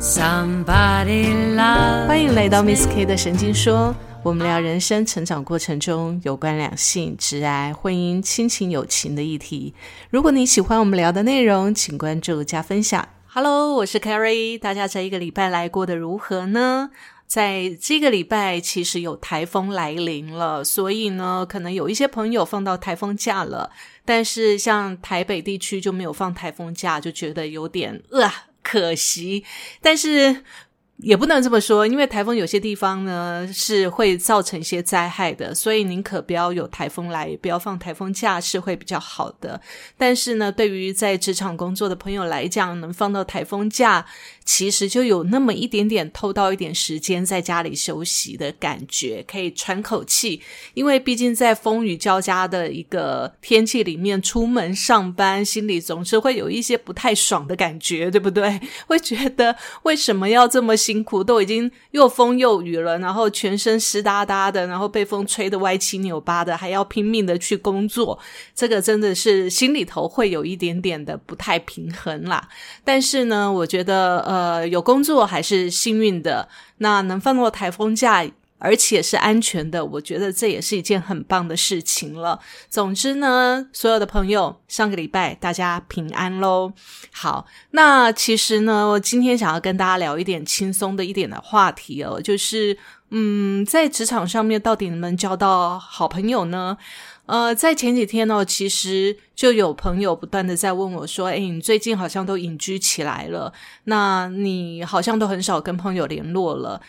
Somebody 歡迎來到 Miss K 的神經說，我們聊人生成長過程中有關兩性、直愛、婚姻、親情、友情的議題。如果你喜歡我們聊的內容，請關注加分享。Hello，我是 Carrie，大家這一個禮拜來過得如何呢？在這個禮拜，其實有台風來臨了，所以呢，可能有一些朋友放到台風假了，但是像台北地區就沒有放台風假，就覺得有點餓啊。呃可惜，但是也不能這麼說，因為台風有些地方呢是會造成一些災害的，所以寧可不要有台風來，不要放台風假是會比較好的。但是呢，對於在職場工作的朋友來講，能放到台風假。其實就有那麼一點點偷到一點時間在家裡休息的感覺，可以喘口氣。因為畢竟在風雨交加的一個天氣裡面出門上班，心裡總是會有一些不太爽的感覺，對不對？會覺得為什麼要這麼辛苦？都已經又風又雨了，然後全身濕噠噠的，然後被風吹得歪七扭八的，還要拼命的去工作，這個真的是心裡頭會有一點點的不太平衡啦。但是呢，我覺得，呃，呃，有工作還是幸運的，那能放過台風假，而且是安全的，我覺得這也是一件很棒的事情了。總之呢，所有的朋友，上個禮拜大家平安嘍。好，那其實呢，我今天想要跟大家聊一點輕鬆的一點的話題哦，就是。嗯，在職場上面到底能不能交到好朋友呢？呃，在前幾天呢、哦，其實就有朋友不斷地在問我說：“誒、哎，你最近好像都隱居起來了，那你好像都很少跟朋友聯絡了。”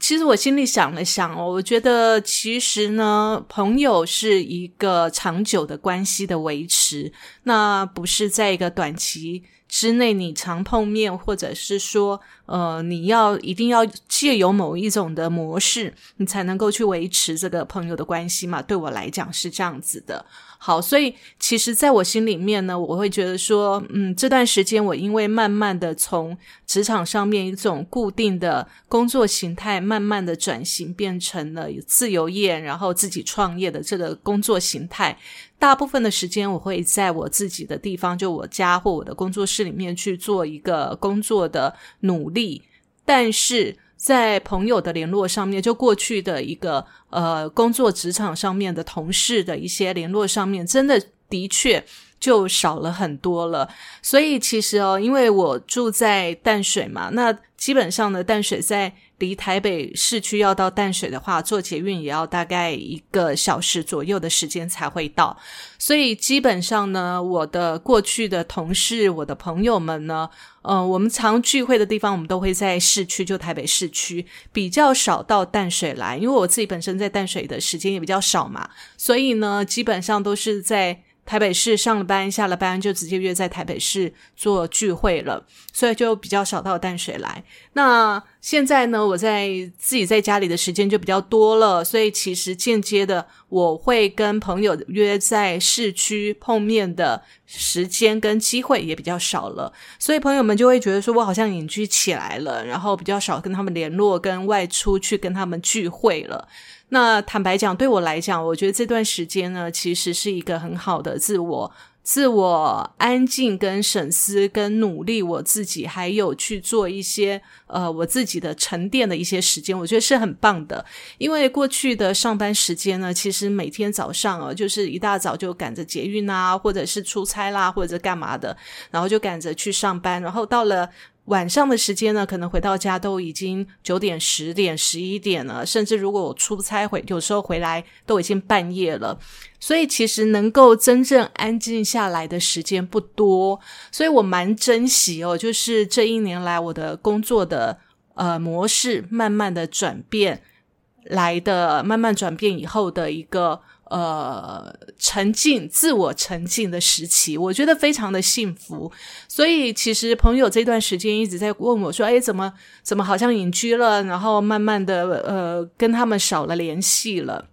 其實我心裡想了想哦，我覺得其實呢，朋友是一個長久的關係的維持，那不是在一個短期。之內，你常碰面，或者是說，呃，你要一定要借由某一種的模式，你才能夠去維持這個朋友的關係嘛，對我來講是這樣子的。好，所以其實，在我心裡面呢，我會覺得說，嗯，這段時間我因為慢慢的從職場上面一種固定的工作形態，慢慢的轉型變成了自由業，然後自己創業的這個工作形態，大部分的時間我會在我自己的地方，就我家或我的工作室裡面去做一個工作的努力，但是。在朋友的聯絡上面，就過去的一個呃工作職場上面的同事的一些聯絡上面，真的的確就少了很多了。所以其實哦，因為我住在淡水嘛，那基本上呢，淡水在。離台北市區要到淡水的話，坐捷運也要大概一個小時左右的時間才會到，所以基本上呢，我的過去的同事，我的朋友們呢，呃，我們常聚會的地方，我們都會在市區，就台北市區，比較少到淡水來，因為我自己本身在淡水的時間也比較少嘛，所以呢，基本上都是在。台北市上了班，下了班就直接約在台北市做聚會了，所以就比較少到淡水來。那現在呢，我在自己在家裡的時間就比較多了，所以其實間接的我會跟朋友約在市區碰面的時間跟機會也比較少了，所以朋友們就會覺得說我好像隱居起來了，然後比較少跟他們聯絡，跟外出去跟他們聚會了。那坦白講，對我來講，我覺得這段時間呢，其實是一個很好的自我、自我安靜跟省思跟努力我自己，還有去做一些呃我自己的沉澱的一些時間，我覺得是很棒的。因為過去的上班時間呢，其實每天早上啊，就是一大早就趕着捷運啊，或者是出差啦，或者幹嘛的，然後就趕着去上班，然後到了。晚上的時間呢，可能回到家都已經九點、十點、十一點了，甚至如果我出差回，有時候回來都已經半夜了。所以其實能夠真正安靜下來的時間不多，所以我蠻珍惜哦。就是這一年來，我的工作的，呃，模式慢慢的轉變來的，慢慢轉變以後的一個。呃，沉浸、自我沉浸的時期，我覺得非常的幸福。所以，其實朋友這段時間一直在問我說：“哎，怎麼怎麼好像隱居了？然後慢慢的，呃，跟他們少了聯繫了。”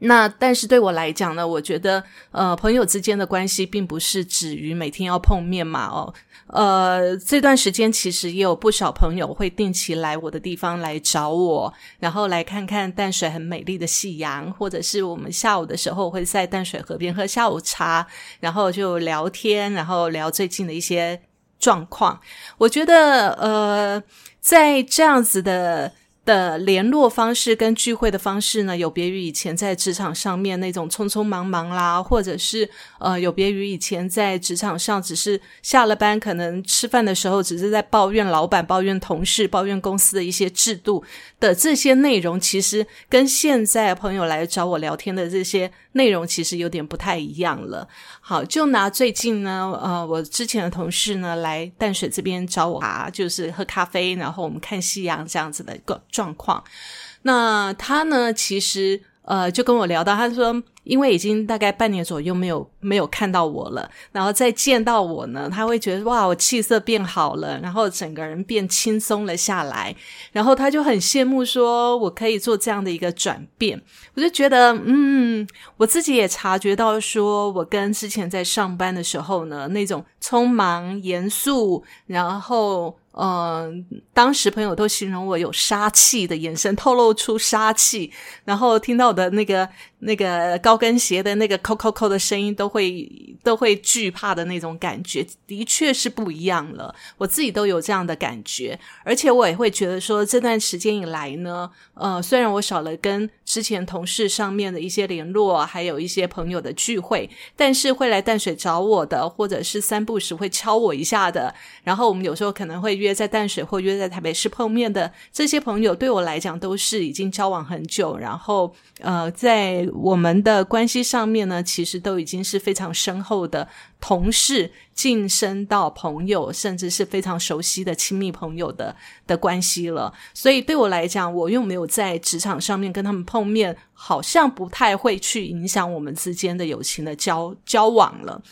那但是對我來講呢，我覺得，呃，朋友之間的關係並不是止於每天要碰面嘛，哦，呃，這段時間其實也有不少朋友會定期來我的地方來找我，然後來看看淡水很美麗的夕陽，或者是我們下午的時候會在淡水河邊喝下午茶，然後就聊天，然後聊最近的一些狀況。我覺得，呃，在這樣子的。的聯絡方式跟聚會的方式呢，有別於以前在職場上面那種匆匆忙忙啦，或者是呃，有別於以前在職場上只是下了班可能吃飯的時候，只是在抱怨老板、抱怨同事、抱怨公司的一些制度的這些內容，其實跟現在朋友來找我聊天的這些。內容其實有點不太一樣了。好，就拿最近呢，呃，我之前的同事呢，來淡水這邊找我啊，就是喝咖啡，然後我們看夕陽這樣子的一個狀況。那他呢，其實，呃，就跟我聊到，他說，因為已經大概半年左右沒有沒有看到我了，然後再見到我呢，他會覺得哇，我氣色變好了，然後整個人變輕鬆了下來，然後他就很羨慕，說我可以做這樣的一個轉變。我就覺得，嗯，我自己也察覺到說我跟之前在上班的時候呢，那種匆忙、嚴肅，然後。嗯、呃，當時朋友都形容我有殺氣的眼神，透露出殺氣，然後聽到我的那個。那個高跟鞋的那個“扣扣扣”的聲音，都會都會懼怕的那種感覺，的確是不一樣了。我自己都有這樣的感覺，而且我也會覺得說，這段時間以來呢，呃，雖然我少了跟之前同事上面的一些聯絡，還有一些朋友的聚會，但是會來淡水找我的，或者是三不時會敲我一下的，然後我們有時候可能會約在淡水或約在台北市碰面的這些朋友，對我來講都是已經交往很久，然後呃，在我們的關係上面呢，其實都已經是非常深厚的同事，晉升到朋友，甚至是非常熟悉的親密朋友的的關係了。所以對我來講，我又沒有在職場上面跟他們碰面，好像不太會去影響我們之間的友情的交交往了。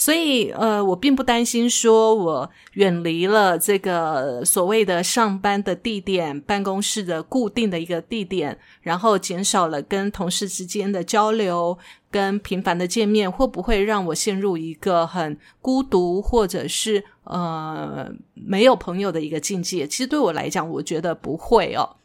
所以，呃，我並不擔心說我遠離了這個所謂的上班的地點、辦公室的固定的一個地點，然後減少了跟同事之間的交流、跟頻繁的見面，會不會讓我陷入一個很孤獨或者是，呃，沒有朋友的一個境界？其實對我來講，我覺得不會哦。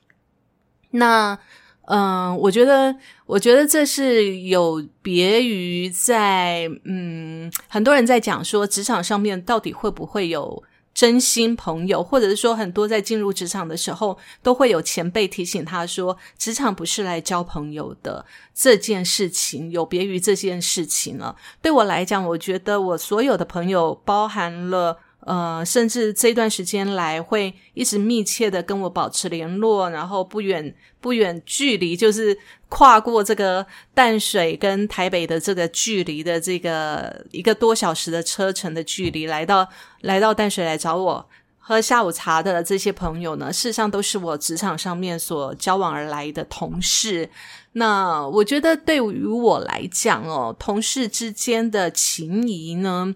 那。嗯，我覺得，我覺得這是有別於在嗯，很多人在講說職場上面到底會不會有真心朋友，或者是說很多在進入職場的時候都會有前輩提醒他說，職場不是來交朋友的這件事情，有別於這件事情了。對我來講，我覺得我所有的朋友包含了。呃，甚至這段時間來會一直密切的跟我保持聯絡，然後不遠不遠距離，就是跨過這個淡水跟台北的這個距離的這個一個多小時的車程的距離，來到來到淡水來找我喝下午茶的這些朋友呢，事實上都是我職場上面所交往而來的同事。那我覺得對於我來講哦，同事之間的情誼呢，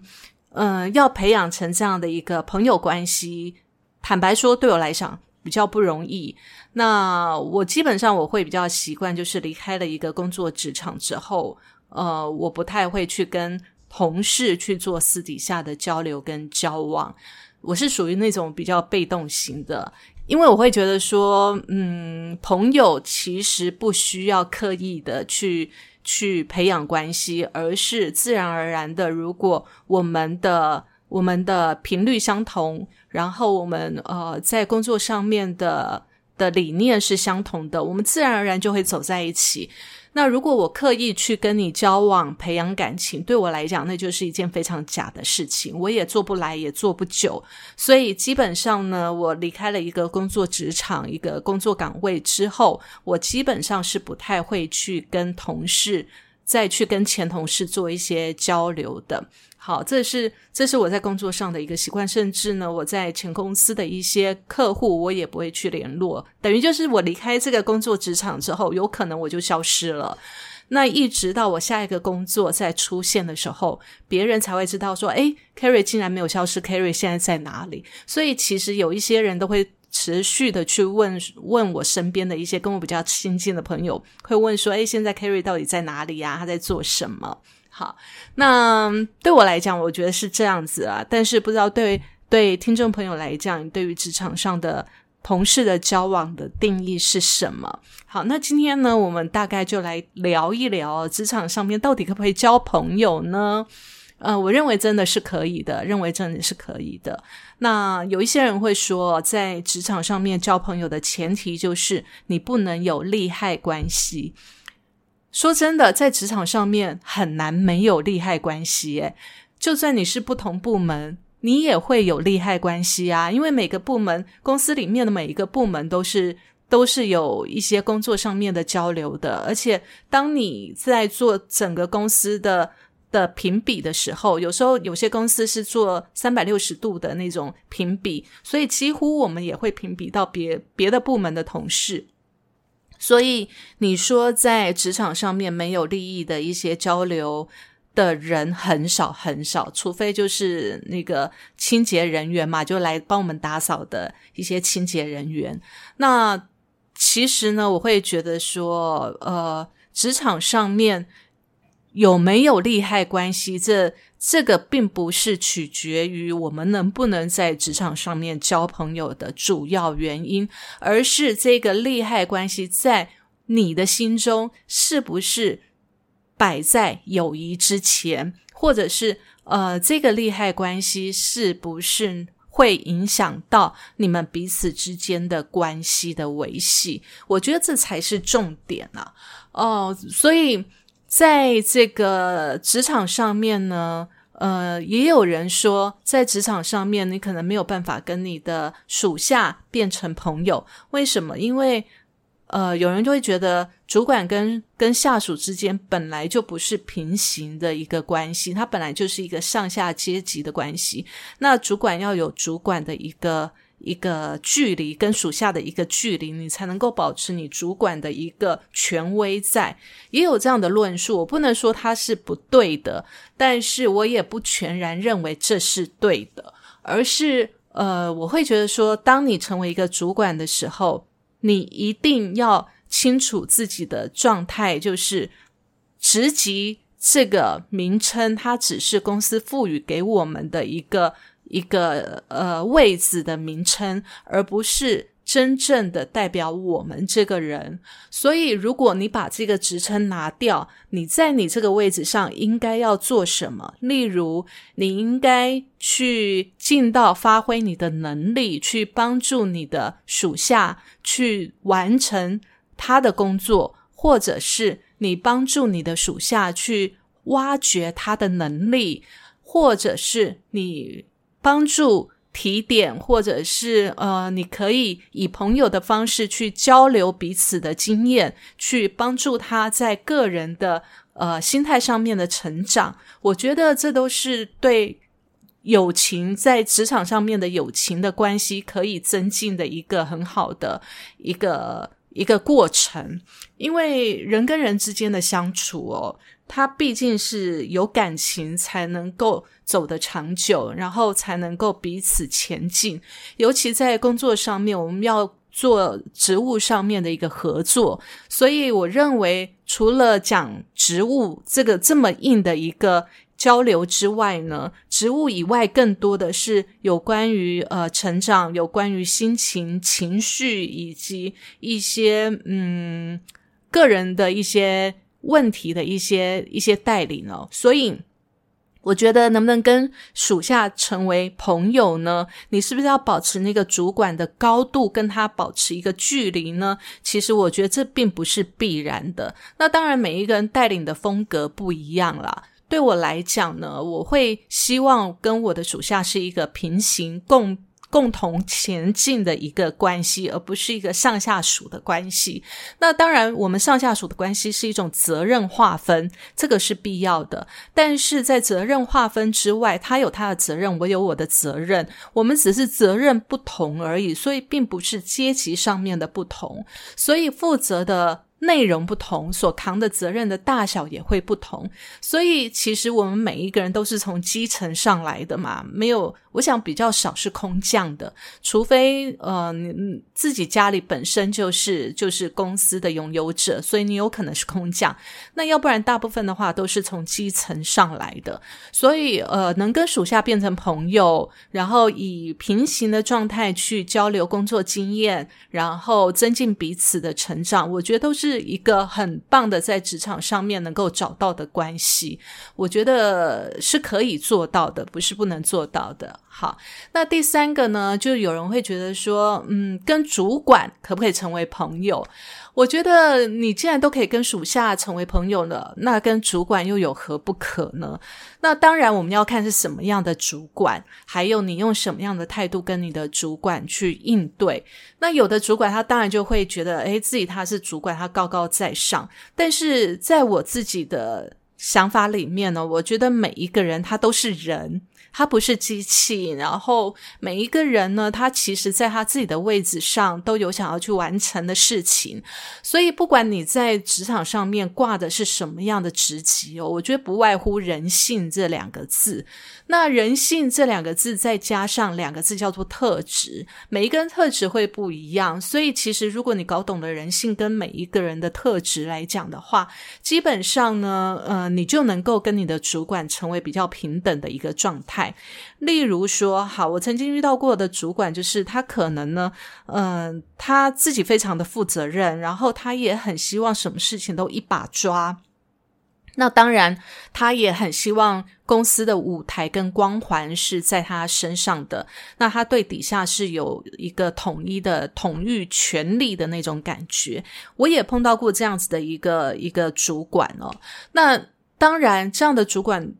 嗯、呃，要培養成這樣的一個朋友關係，坦白說，對我來講比較不容易。那我基本上我會比較習慣，就是離開了一個工作職場之後，呃，我不太會去跟同事去做私底下的交流跟交往。我是屬於那種比較被動型的，因為我會覺得說，嗯，朋友其實不需要刻意的去。去培養關係，而是自然而然的。如果我們的我們的頻率相同，然後我們呃在工作上面的的理念是相同的，我們自然而然就會走在一起。那如果我刻意去跟你交往，培養感情，對我來講，那就是一件非常假的事情，我也做不來，也做不久。所以基本上呢，我離開了一個工作職場、一個工作崗位之後，我基本上是不太會去跟同事。再去跟前同事做一些交流的，好，這是這是我在工作上的一個習慣，甚至呢，我在前公司的一些客戶，我也不會去聯絡，等於就是我離開這個工作職場之後，有可能我就消失了，那一直到我下一個工作再出現的時候，別人才會知道說，誒，Carry 竟然沒有消失，Carry 現在在哪裡？所以其實有一些人都會。持續的去問問我身邊的一些跟我比較親近的朋友，會問說：“哎，現在 Kerry 到底在哪裡呀？他在做什麼？”好，那對我來講，我覺得是這樣子啊。但是不知道對對聽眾朋友來講，對於職場上的同事的交往的定義是什麼？好，那今天呢，我們大概就來聊一聊職場上面到底可不可以交朋友呢？呃，我認為真的是可以的，認為真的是可以的。那有一些人會說，在職場上面交朋友的前提就是你不能有利害關係。說真的，在職場上面很難沒有利害關係誒。就算你是不同部門，你也會有利害關係啊。因為每個部門，公司裡面的每一個部門都是都是有一些工作上面的交流的。而且，當你在做整個公司的。的評比的時候，有時候有些公司是做三百六十度的那種評比，所以幾乎我們也會評比到別別的部門的同事。所以你說在職場上面沒有利益的一些交流的人很少很少，除非就是那個清潔人員嘛，就來幫我們打掃的一些清潔人員。那其實呢，我會覺得說，呃，職場上面。有沒有利害關係？這這個並不是取決於我們能不能在職場上面交朋友的主要原因，而是這個利害關係在你的心中是不是擺在友誼之前，或者是呃，這個利害關係是不是會影響到你們彼此之間的關係的維繫？我覺得這才是重點啊。哦、呃，所以。在這個職場上面呢，呃，也有人說，在職場上面，你可能沒有辦法跟你的屬下變成朋友。為什麼？因為，呃，有人就會覺得，主管跟跟下屬之間本來就不是平行的一個關係，他本來就是一個上下階級的關係。那主管要有主管的一個。一個距離跟屬下的一個距離，你才能夠保持你主管的一個權威在。也有這樣的論述，我不能說它是不對的，但是我也不全然認為這是對的，而是呃，我會覺得說，當你成為一個主管的時候，你一定要清楚自己的狀態，就是職級這個名稱，它只是公司賦予給我們的一個。一個呃位置的名稱，而不是真正的代表我們這個人。所以，如果你把這個職稱拿掉，你在你這個位置上應該要做什麼？例如，你應該去盡到發揮你的能力，去幫助你的屬下去完成他的工作，或者是你幫助你的屬下去挖掘他的能力，或者是你。幫助提點，或者是呃，你可以以朋友的方式去交流彼此的經驗，去幫助他在個人的呃心態上面的成長。我覺得這都是對友情在職場上面的友情的關係可以增進的一個很好的一個。一個過程，因為人跟人之間的相處哦，它畢竟是有感情才能夠走得長久，然後才能夠彼此前進。尤其在工作上面，我們要做職務上面的一個合作，所以我認為除了講職務這個這麼硬的一個。交流之外呢，職務以外更多的是有關於呃成長，有關於心情、情緒以及一些嗯個人的一些問題的一些一些帶領哦。所以我覺得能不能跟屬下成為朋友呢？你是不是要保持那個主管的高度，跟他保持一個距離呢？其實我覺得這並不是必然的。那當然，每一個人帶領的風格不一樣啦。對我來講呢，我會希望跟我的屬下是一個平行共共同前進的一個關係，而不是一個上下屬的關係。那當然，我們上下屬的關係是一種責任劃分，這個是必要的。但是在責任劃分之外，他有他的責任，我有我的責任，我們只是責任不同而已，所以並不是階級上面的不同。所以負責的內容不同，所扛的責任的大小也會不同，所以其實我們每一個人都是從基層上來的嘛，沒有。我想比較少是空降的，除非呃你自己家裡本身就是就是公司的擁有者，所以你有可能是空降。那要不然大部分的話都是從基層上來的，所以呃能跟屬下變成朋友，然後以平行的狀態去交流工作經驗，然後增進彼此的成長，我覺得都是一個很棒的在職場上面能夠找到的關係。我覺得是可以做到的，不是不能做到的。好，那第三個呢，就有人會覺得說，嗯，跟主管可不可以成為朋友？我覺得你既然都可以跟屬下成為朋友了，那跟主管又有何不可呢？那當然，我們要看是什麼樣的主管，還有你用什麼樣的態度跟你的主管去應對。那有的主管他當然就會覺得，誒，自己他是主管，他高高在上。但是在我自己的想法裡面呢，我覺得每一個人他都是人。他不是機器，然後每一個人呢，他其實在他自己的位置上都有想要去完成的事情，所以不管你在職場上面掛的是什麼樣的職級哦，我覺得不外乎“人性”這兩個字。那“人性”這兩個字再加上兩個字叫做“特質”，每一個人特質會不一樣，所以其實如果你搞懂了人性跟每一個人的特質來講的話，基本上呢，呃，你就能夠跟你的主管成為比較平等的一個狀態。例如說，哈，我曾經遇到過的主管就是他，可能呢，嗯、呃，他自己非常的負責任，然後他也很希望什麼事情都一把抓。那當然，他也很希望公司的舞台跟光環是在他身上的。那他對底下是有一個統一的統御權力的那種感覺。我也碰到過這樣子的一個一個主管哦。那當然，這樣的主管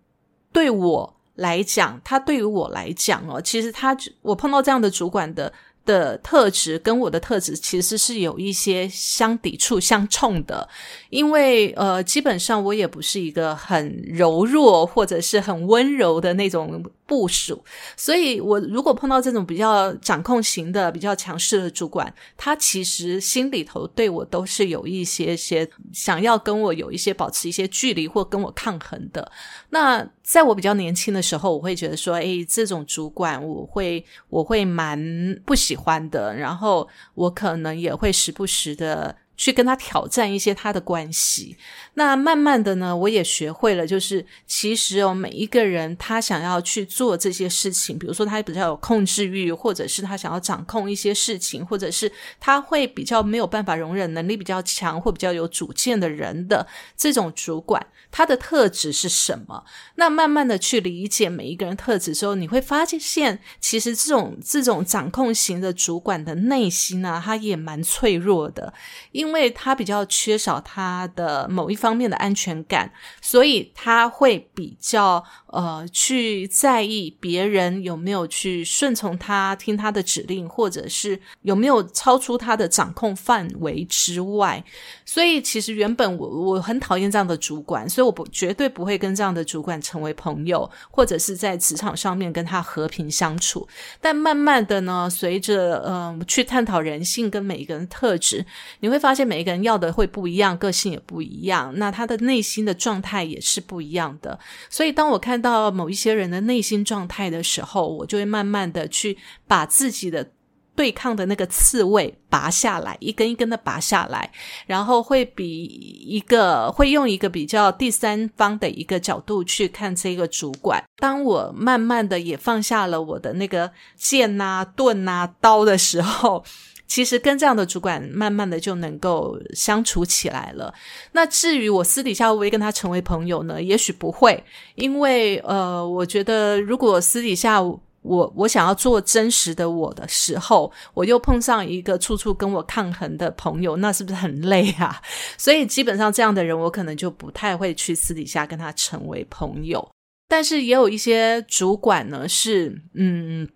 對我來講，他對於我來講哦，其實他，我碰到這樣的主管的的特質，跟我的特質其實是有一些相抵觸、相衝的，因為呃，基本上我也不是一個很柔弱或者是很溫柔的那種。部署，所以我如果碰到這種比較掌控型的、比較強勢的主管，他其實心裡頭對我都是有一些些想要跟我有一些保持一些距離，或跟我抗衡的。那在我比較年輕的時候，我會覺得說，哎，這種主管我會我會蠻不喜歡的，然後我可能也會時不時的。去跟他挑戰一些他的關係，那慢慢的呢，我也學會了，就是其實哦，每一個人他想要去做這些事情，比如說他比較有控制慾，或者是他想要掌控一些事情，或者是他會比較沒有辦法容忍能力比較強或比較有主見的人的這種主管，他的特質是什麼？那慢慢的去理解每一個人特質之後，你會發現，其實這種這種掌控型的主管的內心呢，他也蠻脆弱的，因。因為他比較缺少他的某一方面的安全感，所以他會比較呃去在意別人有沒有去順從他、聽他的指令，或者是有沒有超出他的掌控範圍之外。所以，其實原本我我很討厭這樣的主管，所以我不絕對不會跟這樣的主管成為朋友，或者是在職場上面跟他和平相處。但慢慢的呢，隨着嗯、呃、去探討人性跟每一個人特質，你會發現。每一個人要的會不一樣，個性也不一樣，那他的內心的狀態也是不一樣的。所以，當我看到某一些人的內心狀態的時候，我就會慢慢的去把自己的對抗的那個刺蝟拔下來，一根一根的拔下來，然後會比一個會用一個比較第三方的一個角度去看這個主管。當我慢慢的也放下了我的那個劍啊、盾啊、刀的時候。其實跟這樣的主管，慢慢的就能夠相處起來了。那至於我私底下會不會跟他成為朋友呢？也許不會，因為呃，我覺得如果私底下我我想要做真實的我的時候，我又碰上一個處處跟我抗衡的朋友，那是不是很累啊？所以基本上這樣的人，我可能就不太會去私底下跟他成為朋友。但是也有一些主管呢，是，嗯。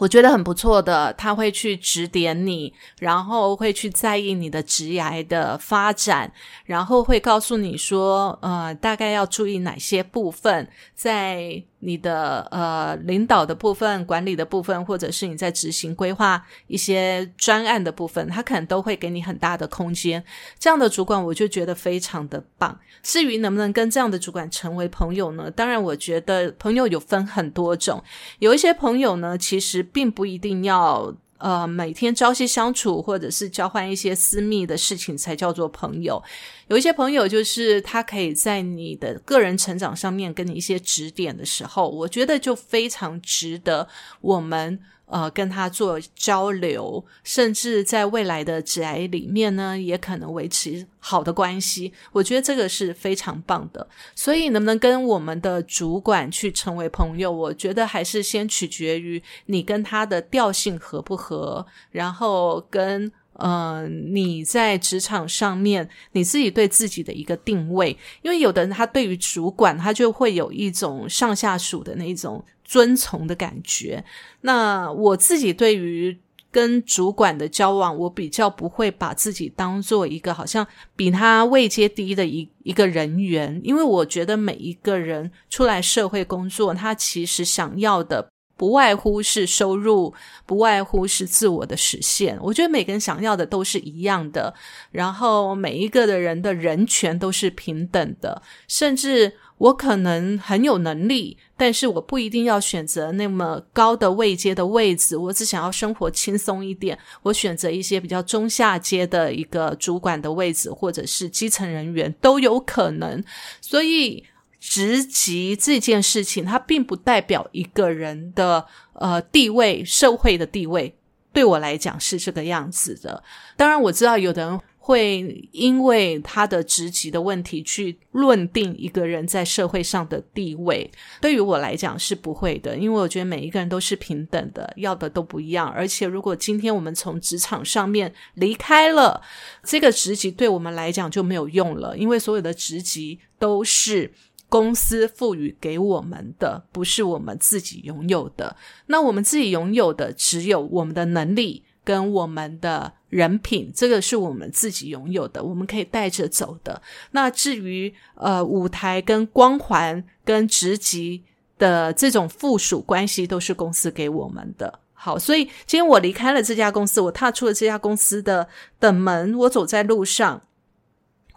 我覺得很不錯的，他會去指點你，然後會去在意你的職涯的發展，然後會告訴你說，呃，大概要注意哪些部分，在。你的呃領導的部分、管理的部分，或者是你在執行規劃一些專案的部分，他可能都會給你很大的空間。這樣的主管，我就覺得非常的棒。至於能不能跟這樣的主管成為朋友呢？當然，我覺得朋友有分很多種，有一些朋友呢，其實並不一定要。呃，每天朝夕相處，或者是交換一些私密的事情，才叫做朋友。有一些朋友，就是他可以在你的個人成長上面給你一些指點的時候，我覺得就非常值得我們。呃，跟他做交流，甚至在未來的職涯裡面呢，也可能維持好的關係。我覺得這個是非常棒的。所以，能不能跟我們的主管去成為朋友，我覺得還是先取決於你跟他的調性合不合，然後跟。呃，你在職場上面，你自己對自己的一個定位，因為有的人他對於主管，他就會有一種上下屬的那種尊崇的感覺。那我自己對於跟主管的交往，我比較不會把自己當做一個好像比他位階低的一一個人員，因為我覺得每一個人出來社會工作，他其實想要的。不外乎是收入，不外乎是自我的實現。我覺得每個人想要的都是一樣的，然後每一個的人的人權都是平等的。甚至我可能很有能力，但是我不一定要選擇那麼高的位階的位置，我只想要生活輕鬆一點。我選擇一些比較中下階的一個主管的位置，或者是基層人員都有可能。所以。職級這件事情，它並不代表一個人的呃地位，社會的地位，對我來講是這個樣子的。當然，我知道有的人會因為他的職級的問題去論定一個人在社會上的地位，對於我來講是不會的，因為我覺得每一個人都是平等的，要的都不一樣。而且，如果今天我們從職場上面離開了，這個職級對我們來講就沒有用了，因為所有的職級都是。公司賦予給我們的，不是我們自己擁有的。那我們自己擁有的，只有我們的能力跟我們的人品，這個是我們自己擁有的，我們可以帶着走的。那至於呃舞台跟光環跟職級的這種附屬關係，都是公司給我們的。好，所以今天我離開了這家公司，我踏出了這家公司的的門，我走在路上。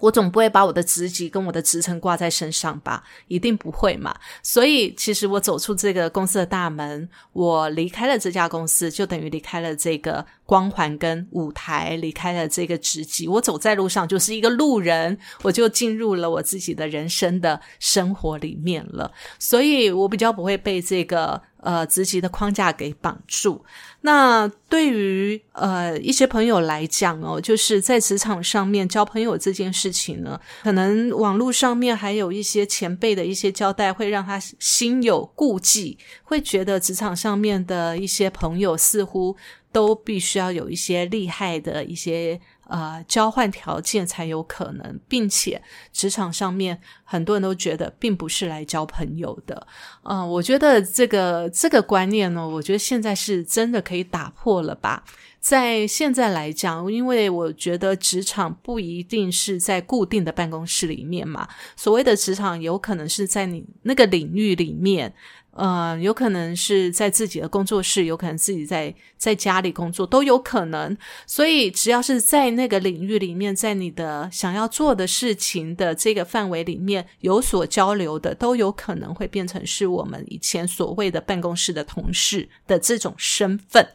我總不會把我的職級跟我的職稱掛在身上吧？一定不會嘛。所以，其實我走出這個公司的大門，我離開了這家公司，就等於離開了這個光環跟舞台，離開了這個職級。我走在路上就是一個路人，我就進入了我自己的人生的生活裡面了。所以我比較不會被這個呃職級的框架給綁住。那對於呃一些朋友來講哦，就是在職場上面交朋友這件事情呢，可能網絡上面還有一些前輩的一些交代，會讓他心有顧忌，會覺得職場上面的一些朋友似乎都必須要有一些厲害的一些。呃，交換條件才有可能，並且職場上面很多人都覺得並不是來交朋友的。嗯、呃，我覺得這個這個觀念呢，我覺得現在是真的可以打破了吧。在現在來講，因為我覺得職場不一定是在固定的辦公室裡面嘛，所謂的職場有可能是在你那個領域裡面。嗯、呃，有可能是在自己的工作室，有可能自己在在家裡工作都有可能。所以，只要是在那個領域裡面，在你的想要做的事情的這個範圍裡面有所交流的，都有可能會變成是我們以前所謂的辦公室的同事的這種身份。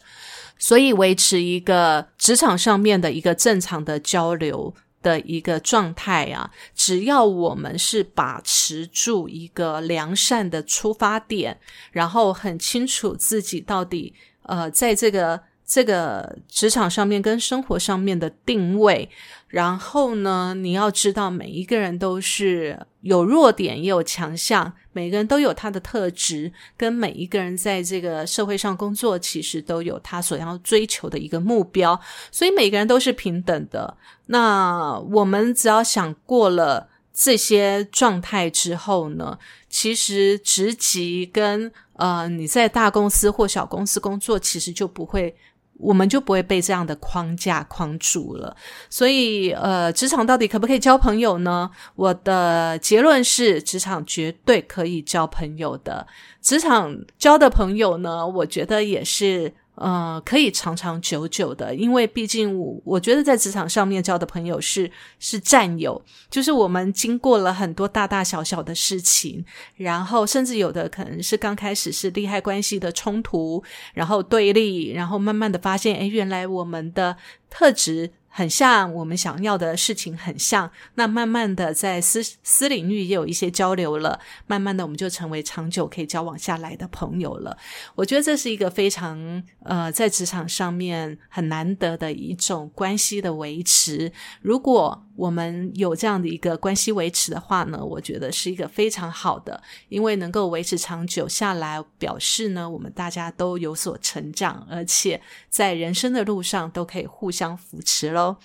所以，維持一個職場上面的一個正常的交流的一個狀態啊，只要我們是把持住一個良善的出發點，然後很清楚自己到底，呃，在這個。這個職場上面跟生活上面的定位，然後呢，你要知道每一個人都是有弱點也有強項，每個人都有他的特質，跟每一個人在這個社會上工作，其實都有他所要追求的一個目標，所以每個人都是平等的。那我們只要想過了這些狀態之後呢，其實職級跟，呃，你在大公司或小公司工作，其實就不會。我們就不會被這樣的框架框住了，所以，呃，職場到底可不可以交朋友呢？我的結論是，職場絕對可以交朋友的。職場交的朋友呢，我覺得也是。呃，可以長長久久的，因為畢竟我，我我覺得在職場上面交的朋友是是戰友，就是我們經過了很多大大小小的事情，然後甚至有的可能是剛開始是利害關係的衝突，然後對立，然後慢慢的發現，哎，原來我們的特質。很像我們想要的事情，很像。那慢慢的在私私領域也有一些交流了，慢慢的我們就成為長久可以交往下來的朋友了。我覺得這是一個非常，呃，在職場上面很難得的一種關係的維持。如果我們有這樣的一個關係維持的話呢，我覺得是一個非常好的，因為能夠維持長久下來，表示呢，我們大家都有所成長，而且在人生的路上都可以互相扶持嘍。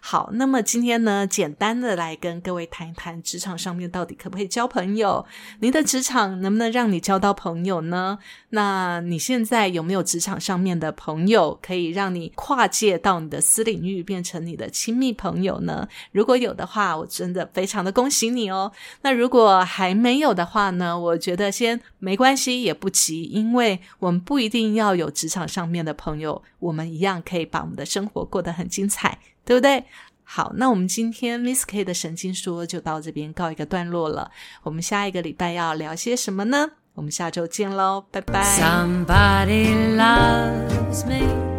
好，那麼今天呢，簡單的來跟各位談一談職場上面到底可不可以交朋友？你的職場能不能讓你交到朋友呢？那你現在有沒有職場上面的朋友可以讓你跨界到你的私領域，變成你的親密朋友呢？如果有的話，我真的非常的恭喜你哦。那如果還沒有的話呢？我覺得先沒關係，也不急，因為我們不一定要有職場上面的朋友，我們一樣可以把我們的生活過得很精彩，對不對？好，那我們今天 Miss K 的神經說就到這邊告一個段落了。我們下一個禮拜要聊些什麼呢？我們下周見嘍，拜拜。Somebody loves me